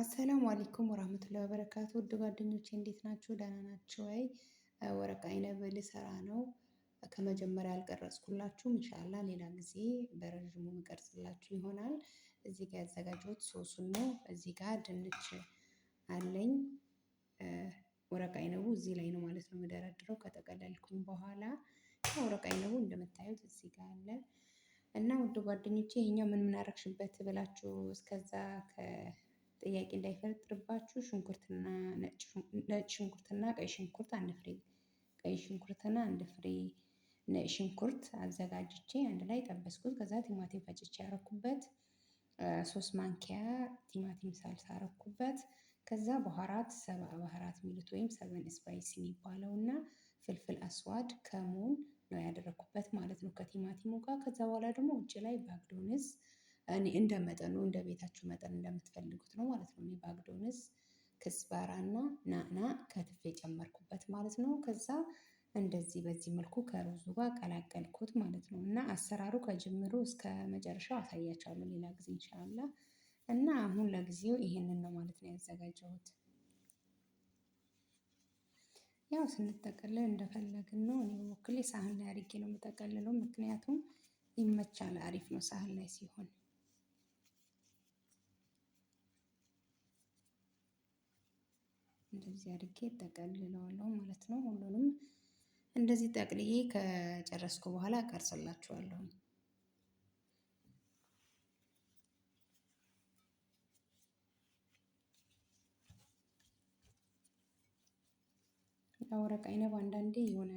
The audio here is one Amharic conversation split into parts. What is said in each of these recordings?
አሰላሙ አለይኩም ወራህመቱላሂ ወበረካቱ። ውድ ጓደኞቼ እንዴት ናችሁ? ደህና ናችሁ ወይ? ወረቃ አይነብ ልሰራ ነው። ከመጀመሪያ አልቀረጽኩላችሁም። ኢንሻአላህ ሌላ ጊዜ በረዥሙ ምቀርጽላችሁ ይሆናል። እዚህ ጋር ያዘጋጀሁት ሶሱን ነው። እዚህ ጋር ድንች አለኝ። ወረቃ አይነቡ እዚህ ላይ ነው ማለት ነው የምደረድረው ከጠቀለልኩኝ በኋላ ወረቃ አይነቡ እንደምታዩት እዚህ ጋር አለ እና ውድ ጓደኞቼ ይሄኛው ምን ምን አረግሽበት ብላችሁ እስከዛ ጥያቄ እንዳይፈጥርባችሁ ነጭ ሽንኩርትና ቀይ ሽንኩርት አንድ ፍሬ ቀይ ሽንኩርትና አንድ ፍሬ ነጭ ሽንኩርት አዘጋጅቼ አንድ ላይ ጠበስኩት። ከዛ ቲማቲም ፈጭቼ ያረኩበት ሶስት ማንኪያ ቲማቲም ሳልሳ አረኩበት። ከዛ በኋራት ሰባ ባህራት ሚሉት ወይም ሰቨን ስፓይስ የሚባለው እና ፍልፍል አስዋድ ከሙን ነው ያደረኩበት ማለት ነው ከቲማቲሙ ጋር። ከዛ በኋላ ደግሞ ውጭ ላይ ባግዶንስ እኔ እንደ መጠኑ እንደ ቤታችሁ መጠን እንደምትፈልጉት ነው ማለት ነው። እኔ በአግዶንስ ክዝባራና ናና ከትፌ ጨመርኩበት ማለት ነው። ከዛ እንደዚህ በዚህ መልኩ ከሩዙ ጋር ቀላቀልኩት ማለት ነው። እና አሰራሩ ከጅምሩ እስከ መጨረሻው አሳያችኋለሁ ሌላ ጊዜ እንሻላ። እና አሁን ለጊዜው ይሄንን ነው ማለት ነው ያዘጋጀሁት። ያው ስንጠቀልል እንደፈለግን ነው። እኔ በበኩሌ ሳህን ላይ አድርጌ ነው የምጠቀልለው፣ ምክንያቱም ይመቻል፣ አሪፍ ነው ሳህን ላይ ሲሆን እንደዚህ አድርጌ ጠቀልለዋለሁ ማለት ነው። ሁሉንም እንደዚህ ጠቅልዬ ከጨረስኩ በኋላ ቀርጽላችኋለሁ። ወረቅ አይነብ አንዳንዴ የሆነ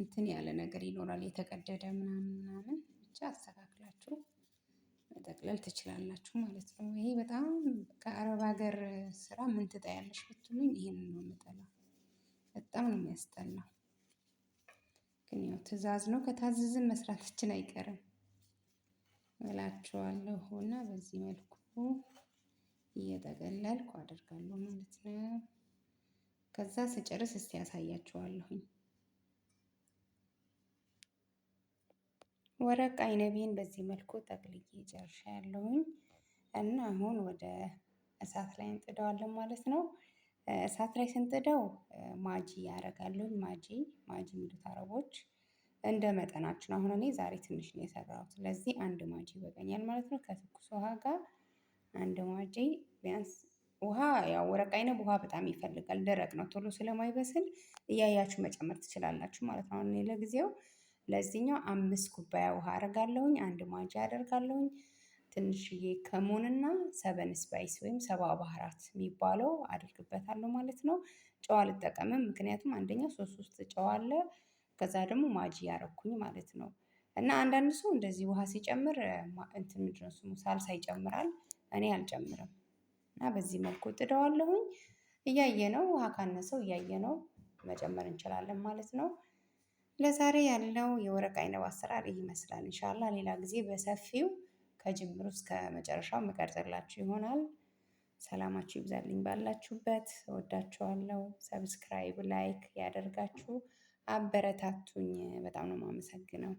እንትን ያለ ነገር ይኖራል የተቀደደ ምናምን ምናምን ብቻ አስተካክላችሁ መጠቅለል ትችላላችሁ ማለት ነው። ይሄ በጣም ከአረብ ሀገር ስራ ምን ትጠያለሽ ብትሉኝ ይህን ነው የምጠላው። በጣም ነው የሚያስጠላው። ግን ያው ትዕዛዝ ነው፣ ከታዘዝን መስራታችን አይቀርም እላችኋለሁ። እና በዚህ መልኩ እየጠቀለልኩ አደርጋለሁ ማለት ነው። ከዛ ስጨርስ እስቲ ያሳያችኋለሁኝ። ወረቅ አይነቤን በዚህ መልኩ ጠቅልዬ ያለውኝ እና አሁን ወደ እሳት ላይ እንጥደዋለን ማለት ነው። እሳት ላይ ስንጥደው ማጂ ያደርጋለሁኝ። ማጂ ማጂ የሚሉት አረቦች እንደ መጠናችን። አሁን እኔ ዛሬ ትንሽ ነው የሰራሁት፣ ስለዚህ አንድ ማጂ ይበቃኛል ማለት ነው። ከትኩስ ውሃ ጋር አንድ ማጂ ቢያንስ ውሃ ያው ወረቅ አይነብ ውሃ በጣም ይፈልጋል። ደረቅ ነው ቶሎ ስለማይበስል እያያችሁ መጨመር ትችላላችሁ ማለት ነው። አሁን እኔ ለጊዜው ለዚህኛው አምስት ኩባያ ውሃ አደርጋለሁኝ። አንድ ማንኪያ አደርጋለሁኝ። ትንሽዬ ከሙንና ሰበን ስፓይስ ወይም ሰባ ባህራት የሚባለው አድርግበታለሁ ማለት ነው። ጨው አልጠቀምም፣ ምክንያቱም አንደኛው ሶስት ሶስት ጨው አለ፣ ከዛ ደግሞ ማጂ ያረኩኝ ማለት ነው። እና አንዳንድ ሰው እንደዚህ ውሃ ሲጨምር እንትን ምንድነው ስሙ ሳልሳ ይጨምራል። እኔ አልጨምርም እና በዚህ መልኩ ጥደዋለሁኝ። እያየ ነው ውሃ ካነሰው እያየ ነው መጨመር እንችላለን ማለት ነው። ለዛሬ ያለው የወረቅ አይነብ አሰራር ይህ ይመስላል። እንሻላ ሌላ ጊዜ በሰፊው ከጅምሩ እስከ መጨረሻው መቀርጽላችሁ ይሆናል። ሰላማችሁ ይብዛልኝ ባላችሁበት። ወዳችኋለሁ። ሰብስክራይብ፣ ላይክ ያደርጋችሁ አበረታቱኝ። በጣም ነው የማመሰግነው።